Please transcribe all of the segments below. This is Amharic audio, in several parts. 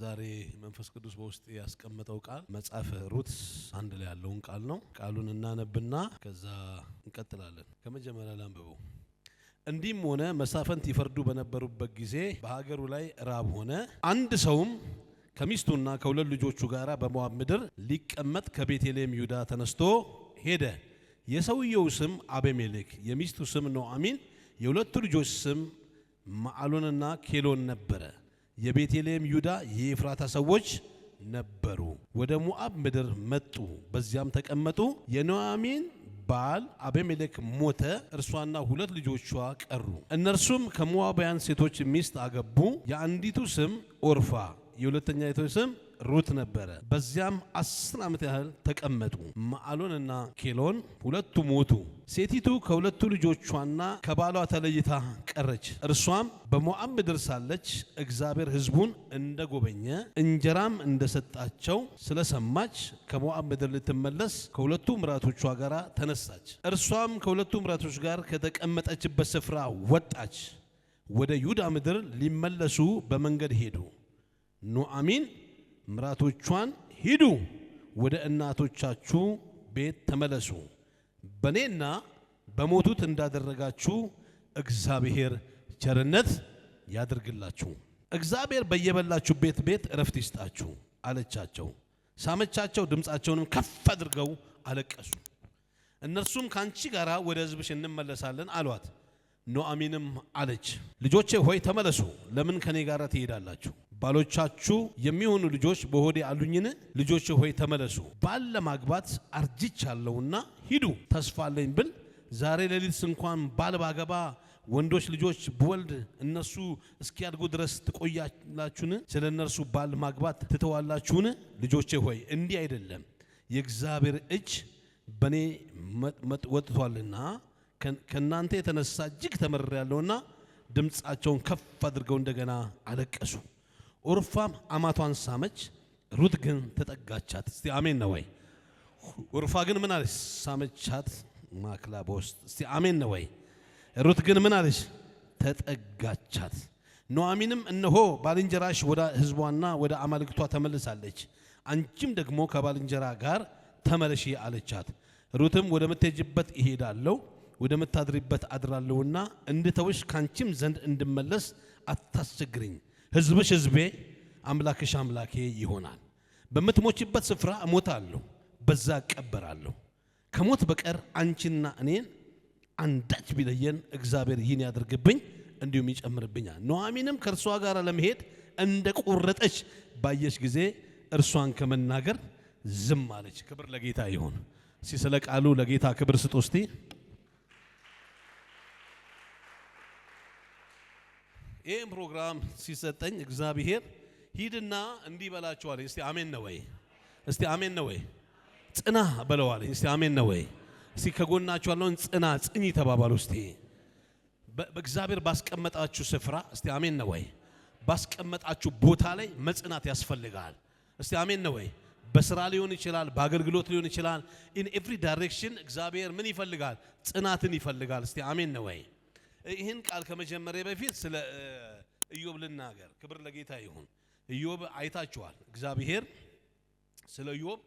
ዛሬ መንፈስ ቅዱስ በውስጥ ያስቀመጠው ቃል መጽሐፈ ሩት አንድ ላይ ያለውን ቃል ነው። ቃሉን እናነብና ከዛ እንቀጥላለን። ከመጀመሪያ ላንብቡ። እንዲህም ሆነ መሳፈንት ይፈርዱ በነበሩበት ጊዜ በሀገሩ ላይ ራብ ሆነ። አንድ ሰውም ከሚስቱና ከሁለት ልጆቹ ጋር በሞዓብ ምድር ሊቀመጥ ከቤተልሔም ይሁዳ ተነስቶ ሄደ። የሰውየው ስም አቤሜሌክ፣ የሚስቱ ስም ኖአሚን፣ የሁለቱ ልጆች ስም ማዕሎንና ኬሎን ነበረ። የቤተልሔም ይሁዳ የኤፍራታ ሰዎች ነበሩ። ወደ ሞአብ ምድር መጡ፣ በዚያም ተቀመጡ። የኑኃሚን ባል አቤሜሌክ ሞተ፣ እርሷና ሁለት ልጆቿ ቀሩ። እነርሱም ከሞዓባውያን ሴቶች ሚስት አገቡ። የአንዲቱ ስም ኦርፋ፣ የሁለተኛይቱ ስም ሩት ነበረ። በዚያም አስር ዓመት ያህል ተቀመጡ። ማዕሎን እና ኬሎን ሁለቱ ሞቱ። ሴቲቱ ከሁለቱ ልጆቿና ከባሏ ተለይታ ቀረች። እርሷም በሞዓብ ምድር ሳለች እግዚአብሔር ሕዝቡን እንደጎበኘ እንጀራም እንደሰጣቸው ስለሰማች ከሞዓብ ምድር ልትመለስ ከሁለቱ ምራቶቿ ጋር ተነሳች። እርሷም ከሁለቱ ምራቶች ጋር ከተቀመጠችበት ስፍራ ወጣች። ወደ ይሁዳ ምድር ሊመለሱ በመንገድ ሄዱ። ኑአሚን ምራቶቿን ሂዱ ወደ እናቶቻችሁ ቤት ተመለሱ፣ በእኔና በሞቱት እንዳደረጋችሁ እግዚአብሔር ቸርነት ያድርግላችሁ፣ እግዚአብሔር በየበላችሁበት ቤት እረፍት ይስጣችሁ አለቻቸው። ሳመቻቸው፣ ድምፃቸውንም ከፍ አድርገው አለቀሱ። እነርሱም ከአንቺ ጋር ወደ ሕዝብሽ እንመለሳለን አሏት። ኖአሚንም አለች፣ ልጆቼ ሆይ ተመለሱ፣ ለምን ከኔ ጋር ትሄዳላችሁ? ባሎቻችሁ የሚሆኑ ልጆች በሆዴ አሉኝን? ልጆች ሆይ ተመለሱ። ባል ለማግባት አርጅቻለሁና ሂዱ፣ ተስፋ አለኝ ብል ዛሬ ሌሊት እንኳን ባል ባገባ ወንዶች ልጆች ብወልድ እነሱ እስኪያድጉ ድረስ ትቆያላችሁን? ስለ እነርሱ ባል ማግባት ትተዋላችሁን? ልጆቼ ሆይ እንዲህ አይደለም፣ የእግዚአብሔር እጅ በእኔ ወጥቷልና ከእናንተ የተነሳ እጅግ ተመሬያለሁና ድምፃቸውን ከፍ አድርገው እንደገና አለቀሱ። ኡርፋም አማቷን ሳመች፣ ሩት ግን ተጠጋቻት። እስቲ አሜን ነው ወይ? ኡርፋ ግን ምን አለች? ሳመቻት ማክላ በውስጥ እስቲ አሜን ነው ወይ? ሩት ግን ምን አለች? ተጠጋቻት። ኑኃሚንም እነሆ ባልንጀራሽ ወደ ሕዝቧና ወደ አማልክቷ ተመልሳለች፣ አንቺም ደግሞ ከባልንጀራ ጋር ተመለሺ አለቻት። ሩትም ወደ እሄዳለሁ ወደ ምታድሪበት አድራለሁና እንድተውሽ ካንቺም ዘንድ እንድመለስ አታስቸግርኝ ህዝብሽ ህዝቤ አምላክሽ አምላኬ ይሆናል። በምትሞችበት ስፍራ እሞታለሁ፣ በዛ እቀበራለሁ። ከሞት በቀር አንቺና እኔን አንዳች ቢለየን እግዚአብሔር ይህን ያደርግብኝ እንዲሁም ይጨምርብኛል። ኑኃሚንም ከእርሷ ጋር ለመሄድ እንደ ቆረጠች ባየች ጊዜ እርሷን ከመናገር ዝም አለች። ክብር ለጌታ ይሁን። ሲስለ ቃሉ ለጌታ ክብር ስጡ እስቲ ይህም ፕሮግራም ሲሰጠኝ እግዚአብሔር ሂድና እንዲህ እስቲ አሜን ነው ወይ? እስቲ አሜን ነው ወይ? ጽና በለዋለኝ። እስቲ አሜን ነው ወይ? እስቲ ከጎናችሁ ያለውን ጽና ጽኝ ተባባሉ። እስቲ በእግዚአብሔር ባስቀመጣችሁ ስፍራ እስቲ አሜን ነው ወይ? ባስቀመጣችሁ ቦታ ላይ መጽናት ያስፈልጋል። እስቲ አሜን ነው ወይ? በስራ ሊሆን ይችላል፣ በአገልግሎት ሊሆን ይችላል። ኢን ኤቭሪ ዳይሬክሽን እግዚአብሔር ምን ይፈልጋል? ጽናትን ይፈልጋል። እስቲ አሜን ነው ወይ? ይህን ቃል ከመጀመሪያ በፊት ስለ ኢዮብ ልናገር። ክብር ለጌታ ይሁን። ኢዮብ አይታችኋል። እግዚአብሔር ስለ ኢዮብ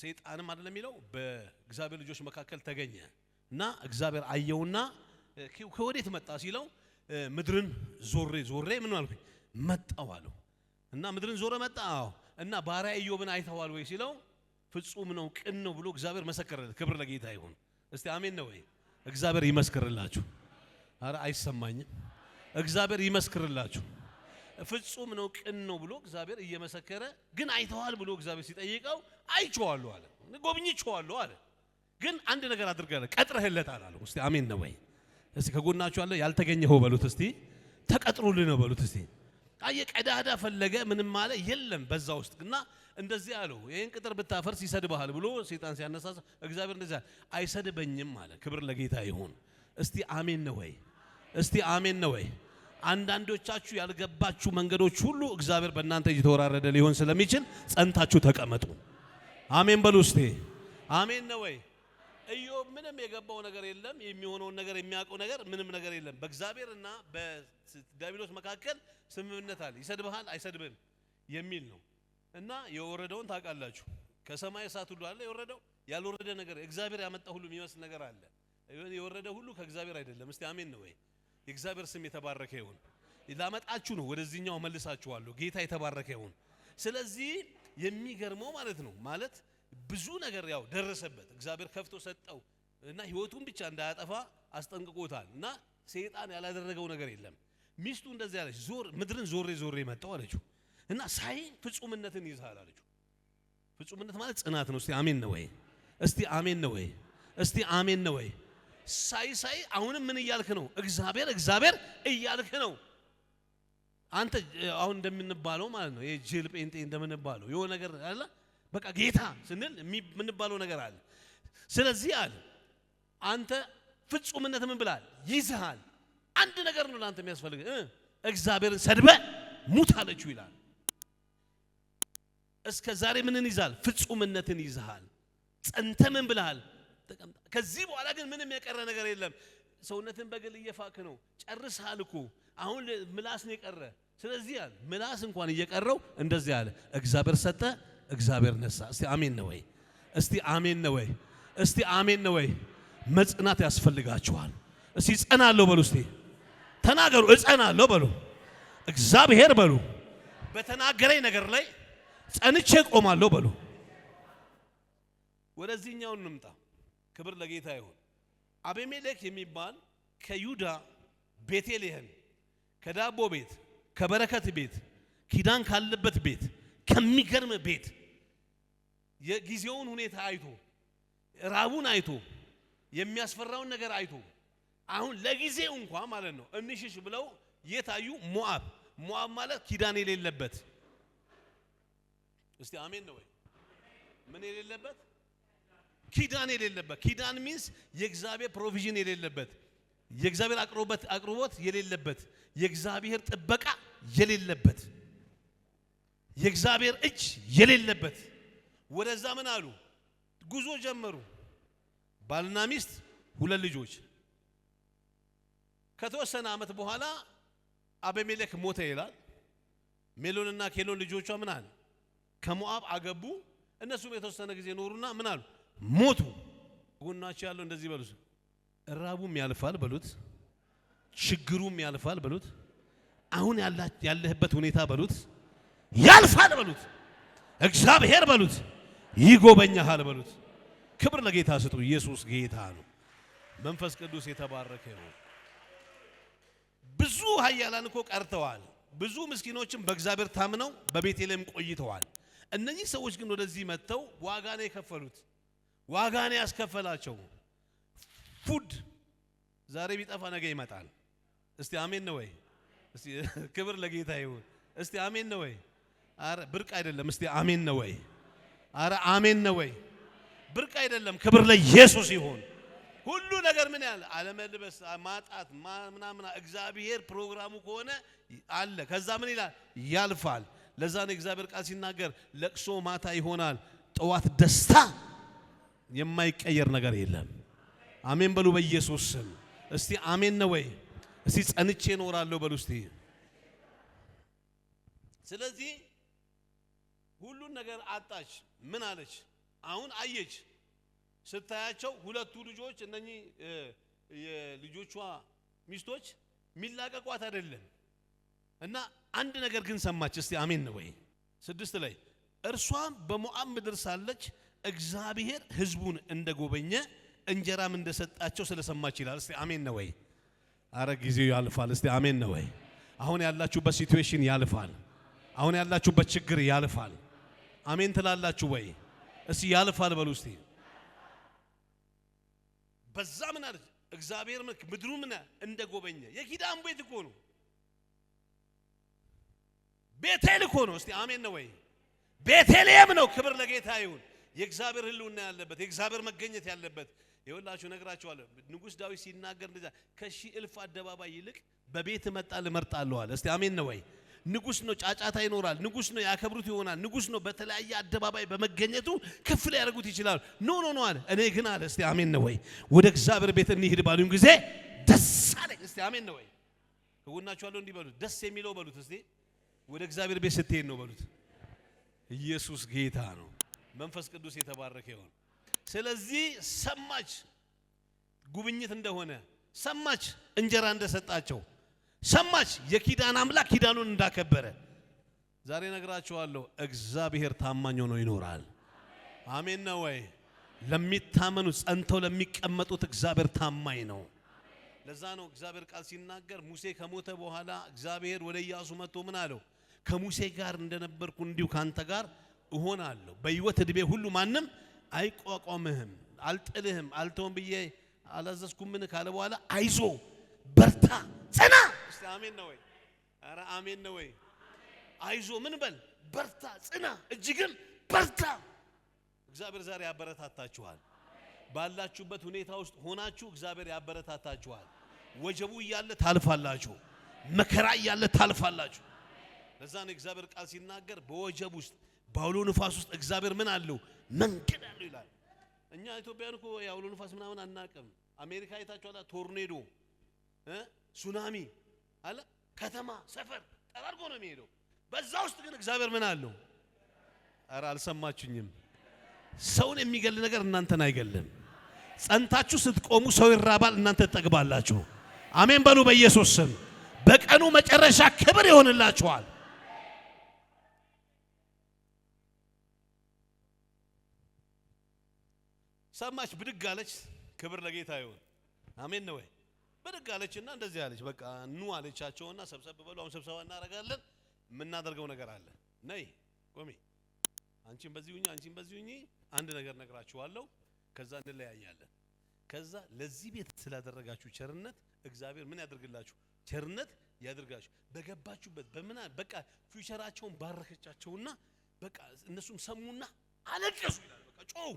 ሰይጣንም አይደለም የሚለው በእግዚአብሔር ልጆች መካከል ተገኘ እና እግዚአብሔር አየውና ከወዴት መጣ ሲለው ምድርን ዞሬ ዞሬ ምን አልኩኝ መጣው አለው እና ምድርን ዞረ መጣ እና ባሪያ ኢዮብን አይተዋል ወይ ሲለው ፍጹም ነው ቅን ነው ብሎ እግዚአብሔር መሰከረለት። ክብር ለጌታ ይሁን። እስቲ አሜን ነው ወይ? እግዚአብሔር ይመስክርላችሁ። አረ አይሰማኝም። እግዚአብሔር ይመስክርላችሁ። ፍጹም ነው፣ ቅን ነው ብሎ እግዚአብሔር እየመሰከረ ግን አይተዋል ብሎ እግዚአብሔር ሲጠይቀው አይቼዋለሁ አለ፣ ጎብኝቼዋለሁ አለ። ግን አንድ ነገር አድርገህ ቀጥረህለታል አለ። እስቲ አሜን ነው ወይ? እስቲ ከጎናችሁ አለ ያልተገኘኸው በሉት። እስቲ ተቀጥሮልህ ነው በሉት። እስቲ ቃየ ቀዳዳ ፈለገ ምንም ማለ የለም በዛ ውስጥ እና እንደዚህ አለው ይህን ቅጥር ብታፈርስ ይሰድብሃል ብሎ ሴጣን ሲያነሳ እግዚአብሔር እንደዚህ አለ አይሰድበኝም አለ ክብር ለጌታ ይሁን እስቲ አሜን ነው ወይ እስቲ አሜን ነው ወይ አንዳንዶቻችሁ ያልገባችሁ መንገዶች ሁሉ እግዚአብሔር በእናንተ እየተወራረደ ሊሆን ስለሚችል ጸንታችሁ ተቀመጡ አሜን በሉ እስቲ አሜን ነው ወይ ኢዮብ ምንም የገባው ነገር የለም። የሚሆነውን ነገር የሚያውቀው ነገር ምንም ነገር የለም። በእግዚአብሔርና በዲያብሎስ መካከል ስምምነት አለ። ይሰድብሃል አይሰድብም የሚል ነው እና የወረደውን ታውቃላችሁ። ከሰማይ እሳት ሁሉ አለ የወረደው ያልወረደ ነገር እግዚአብሔር ያመጣ ሁሉ የሚመስል ነገር አለ። የወረደ ሁሉ ከእግዚአብሔር አይደለም። እስቲ አሜን ነው ወይ? የእግዚአብሔር ስም የተባረከ ይሁን። ላመጣችሁ ነው ወደዚህኛው መልሳችኋለሁ። ጌታ የተባረከ ይሁን። ስለዚህ የሚገርመው ማለት ነው ማለት ብዙ ነገር ያው ደረሰበት። እግዚአብሔር ከፍቶ ሰጠው እና ህይወቱን ብቻ እንዳያጠፋ አስጠንቅቆታል። እና ሰይጣን ያላደረገው ነገር የለም። ሚስቱ እንደዚህ ያለች ዞር ምድርን ዞሬ ዞሬ መጣው አለችው እና ሳይ ፍጹምነትን ይዛል አለችው። ፍጹምነት ማለት ጽናት ነው። እስቲ አሜን ነው ወይ? እስቲ አሜን ነው ወይ? እስቲ አሜን ነው ወይ? ሳይ ሳይ አሁንም ምን እያልክ ነው? እግዚአብሔር እግዚአብሔር እያልክ ነው አንተ አሁን እንደምንባለው ማለት ነው። ይሄ ጅል ጴንጤ እንደምንባለው የሆነ ነገር አላ በቃ ጌታ ስንል የምንባለው ነገር አለ። ስለዚህ አለ አንተ ፍጹምነት ምን ብላል ይዝሃል። አንድ ነገር ነው ለአንተ የሚያስፈልግ እግዚአብሔርን ሰድበ ሙት አለችው ይላል። እስከ ዛሬ ምንን ይዛል? ፍጹምነትን ይዝሃል። ጸንተ ምን ብልሃል? ከዚህ በኋላ ግን ምንም የቀረ ነገር የለም። ሰውነትን በግል እየፋክ ነው። ጨርሰሃል እኮ አሁን ምላስ ነው የቀረ። ስለዚህ ምላስ እንኳን እየቀረው እንደዚህ አለ እግዚአብሔር ሰጠ እግዚአብሔር ነሳ። እስቲ አሜን ነው ወይ? እስቲ አሜን ነው ወይ? እስቲ አሜን ነው ወይ? መጽናት ያስፈልጋችኋል። እስቲ እጸናለሁ በሉ። እስቲ ተናገሩ፣ እጸናለሁ በሉ። እግዚአብሔር በሉ በተናገረኝ ነገር ላይ ጸንቼ ቆማለሁ በሉ። ወደዚህኛው እንምጣ። ክብር ለጌታ ይሁን። አቤሜሌክ የሚባል ከይሁዳ ቤቴልሔም ከዳቦ ቤት ከበረከት ቤት ኪዳን ካለበት ቤት ከሚገርም ቤት የጊዜውን ሁኔታ አይቶ ራቡን አይቶ የሚያስፈራውን ነገር አይቶ አሁን ለጊዜው እንኳ ማለት ነው እንሽሽ ብለው የታዩ ሞአብ ሞአብ ማለት ኪዳን የሌለበት እስቲ አሜን ነው ወይ? ምን የሌለበት ኪዳን የሌለበት ኪዳን ሚንስ የእግዚአብሔር ፕሮቪዥን የሌለበት የእግዚአብሔር አቅርቦት አቅርቦት የሌለበት የእግዚአብሔር ጥበቃ የሌለበት የእግዚአብሔር እጅ የሌለበት ወደዛ ምን አሉ ጉዞ ጀመሩ። ባልና ሚስት ሁለት ልጆች። ከተወሰነ ዓመት በኋላ አቤሜሌክ ሞተ ይላል። ሜሎንና ኬሎን ልጆቿ ምን አለ ከሞአብ አገቡ። እነሱም የተወሰነ ጊዜ ኖሩና ምን አሉ ሞቱ። ጎናቸው ያለው እንደዚህ በሉት፣ ራቡም ያልፋል በሉት፣ ችግሩም ያልፋል በሉት፣ አሁን ያለህበት ሁኔታ በሉት ያልፋል በሉት፣ እግዚአብሔር በሉት ይጎበኛሃል በሉት። ክብር ለጌታ ስጡ። ኢየሱስ ጌታ ነው። መንፈስ ቅዱስ የተባረከ ነው። ብዙ ኃያላን እኮ ቀርተዋል። ብዙ ምስኪኖችም በእግዚአብሔር ታምነው በቤቴልሔም ቆይተዋል። እነኚህ ሰዎች ግን ወደዚህ መጥተው ዋጋ ነው የከፈሉት። ዋጋ ነው ያስከፈላቸው። ፉድ ዛሬ ቢጠፋ ነገ ይመጣል። እስቲ አሜን ነው ወይ? ክብር ለጌታ ይሁን። እስቲ አሜን ነው ወይ? አረ ብርቅ አይደለም። እስቲ አሜን ነው ወይ? አረ አሜን ነው ወይ? ብርቅ አይደለም። ክብር ለኢየሱስ ይሁን። ሁሉ ነገር ምን ያለ አለመልበስ ማጣት ምናምን እግዚአብሔር ፕሮግራሙ ከሆነ አለ። ከዛ ምን ይላል ያልፋል። ለዛ ነው እግዚአብሔር ቃል ሲናገር ለቅሶ ማታ ይሆናል፣ ጠዋት ደስታ። የማይቀየር ነገር የለም። አሜን በሉ በኢየሱስ ስም። እስቲ አሜን ነው ወይ? እስቲ ጸንቼ እኖራለሁ በሉ እስቲ። ስለዚህ ሁሉን ነገር አጣች። ምን አለች? አሁን አየች። ስታያቸው ሁለቱ ልጆች እነኚህ የልጆቿ ሚስቶች ሚላቀቋት አይደለም እና አንድ ነገር ግን ሰማች። እስቲ አሜን ነው ወይ? ስድስት ላይ እርሷም በሞዓብ ምድር ሳለች እግዚአብሔር ሕዝቡን እንደጎበኘ እንጀራም እንደሰጣቸው ስለሰማች ይላል። እስቲ አሜን ነው ወይ? አረ ጊዜው ያልፋል። እስቲ አሜን ነው ወይ? አሁን ያላችሁበት ሲትዌሽን ያልፋል። አሁን ያላችሁበት ችግር ያልፋል። አሜን ትላላችሁ ወይ? እስቲ ያልፋል በሉ እስቲ። በዛ ምን አለ እግዚአብሔር ምድሩ ምን እንደ ጎበኘ የኪዳን ቤት እኮ ነው፣ ቤቴል እኮ ነው። እስቲ አሜን ነው ወይ? ቤተልሔም ነው። ክብር ለጌታ ይሁን። የእግዚአብሔር ሕልውና ያለበት የእግዚአብሔር መገኘት ያለበት ይኸውላችሁ፣ እነግራችኋለሁ ንጉሥ ዳዊት ሲናገር እንደዛ ከሺህ እልፍ አደባባይ ይልቅ በቤት መጣ ልመርጣለሁ አለ። እስቲ አሜን ነው ወይ? ንጉስ ነው፣ ጫጫታ ይኖራል። ንጉስ ነው፣ ያከብሩት ይሆናል። ንጉስ ነው፣ በተለያየ አደባባይ በመገኘቱ ከፍ ሊያደርጉት ይችላሉ። ኖ ኖ ኖ አለ። እኔ ግን አለ እስቲ አሜን ነው ወይ? ወደ እግዚአብሔር ቤት እንሂድ ባሉኝ ጊዜ ደስ አለኝ። እስቲ አሜን ነው ወይ? እወናችኋለሁ እንዲህ በሉት። ደስ የሚለው በሉት እስቲ ወደ እግዚአብሔር ቤት ስትሄድ ነው በሉት። ኢየሱስ ጌታ ነው። መንፈስ ቅዱስ የተባረከ ይሆን። ስለዚህ ሰማች ጉብኝት እንደሆነ ሰማች እንጀራ እንደሰጣቸው ሰማች። የኪዳን አምላክ ኪዳኑን እንዳከበረ ዛሬ ነግራችኋለሁ። እግዚአብሔር ታማኝ ሆኖ ይኖራል። አሜን ነው ወይ? ለሚታመኑ ጸንተው ለሚቀመጡት እግዚአብሔር ታማኝ ነው። ለዛ ነው እግዚአብሔር ቃል ሲናገር ሙሴ ከሞተ በኋላ እግዚአብሔር ወደ ኢያሱ መጥቶ ምን አለው? ከሙሴ ጋር እንደነበርኩ እንዲሁ ካንተ ጋር እሆናለሁ። በሕይወት እድሜ ሁሉ ማንም አይቋቋምህም፣ አልጥልህም፣ አልተውም ብዬ አላዘዝኩምን ካለ በኋላ አይዞ በርታ፣ ጽና እስቲ አሜን ነው ወይ? አረ አሜን ነው ወይ? አይዞ ምን በል በርታ፣ ጽና፣ እጅግም በርታ። እግዚአብሔር ዛሬ ያበረታታችኋል። ባላችሁበት ሁኔታ ውስጥ ሆናችሁ እግዚአብሔር ያበረታታችኋል። ወጀቡ እያለ ታልፋላችሁ። መከራ እያለ ታልፋላችሁ። ለዛ ነው እግዚአብሔር ቃል ሲናገር በወጀብ ውስጥ በአውሎ ንፋስ ውስጥ እግዚአብሔር ምን አለው መንገድ አለው ይላል። እኛ ኢትዮጵያን እኮ የአውሎ ንፋስ ምናምን አናቅም። አሜሪካ አይታችኋላ፣ ቶርኔዶ፣ ሱናሚ አለ ከተማ ሰፈር ጠራርጎ ነው የሚሄደው። በዛ ውስጥ ግን እግዚአብሔር ምን አለው? ኧረ አልሰማችሁኝም። ሰውን የሚገል ነገር እናንተን አይገልም። ጸንታችሁ ስትቆሙ ሰው ይራባል፣ እናንተ ትጠግባላችሁ። አሜን በሉ በኢየሱስ ስም። በቀኑ መጨረሻ ክብር ይሆንላችኋል። ሰማች፣ ብድግ አለች። ክብር ለጌታ ይሁን። አሜን ነው ወይ? ብድግ አለችና እንደዚህ አለች። በቃ ኑ አለቻቸውና ሰብሰብ በሉ፣ አሁን ስብሰባ እናደርጋለን። የምናደርገው ነገር አለ። ነይ ቆሜ፣ አንቺም በዚህ ሁኚ፣ አንቺም በዚህ ሁኚ። አንድ ነገር ነግራችኋለሁ፣ ከዛ እንለያያለን። ከዛ ለዚህ ቤት ስላደረጋችሁ ቸርነት እግዚአብሔር ምን ያደርግላችሁ? ቸርነት ያደርጋችሁ። በገባችሁበት በምን በቃ ፊውቸራቸውን ባረከቻቸውና በቃ እነሱም ሰሙና አለቀሱ ይላል። በቃ ጮው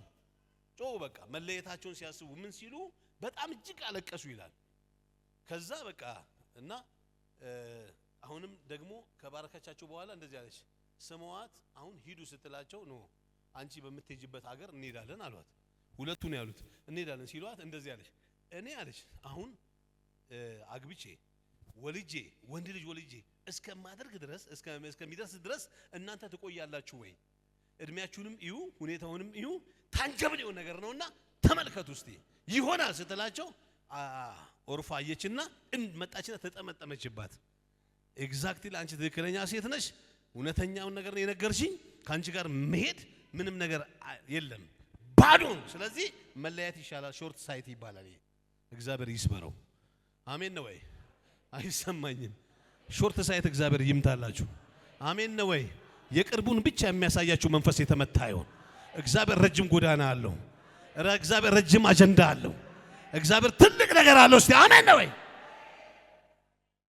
ጮው በቃ መለየታቸውን ሲያስቡ ምን ሲሉ በጣም እጅግ አለቀሱ ይላል። ከዛ በቃ እና አሁንም ደግሞ ከባረከቻቸው በኋላ እንደዚህ አለች፣ ስመዋት አሁን ሂዱ ስትላቸው ኖ አንቺ በምትሄጅበት ሀገር እንሄዳለን አሏት። ሁለቱ ነው ያሉት። እንሄዳለን ሲሏት እንደዚህ አለች፣ እኔ አለች አሁን አግብቼ ወልጄ ወንድ ልጅ ወልጄ እስከማደርግ ድረስ እስከሚደርስ ድረስ እናንተ ትቆያላችሁ ወይ? እድሜያችሁንም እዩ ሁኔታውንም እዩ ታንጀብል የሆነ ነገር ነውና ተመልከቱ እስቲ ይሆናል ስትላቸው ኦርፋ አየችና እንድ መጣችና ተጠመጠመችባት። ኤግዛክትሊ ለአንቺ ትክክለኛ ሴት ነሽ፣ እውነተኛውን ነገር የነገርሽኝ፣ ከአንቺ ጋር መሄድ ምንም ነገር የለም ባዶ ነው። ስለዚህ መለያየት ይሻላል። ሾርት ሳይት ይባላል። እግዚአብሔር ይስበረው። አሜን ነው ወይ? አይሰማኝም። ሾርት ሳይት እግዚአብሔር ይምታላችሁ። አሜን ነው ወይ? የቅርቡን ብቻ የሚያሳያችሁ መንፈስ የተመታ ይሆን። እግዚአብሔር ረጅም ጎዳና አለው። እግዚአብሔር ረጅም አጀንዳ አለው። እግዚአብሔር ነገር አለው። እስቲ አሜን ነው ወይ?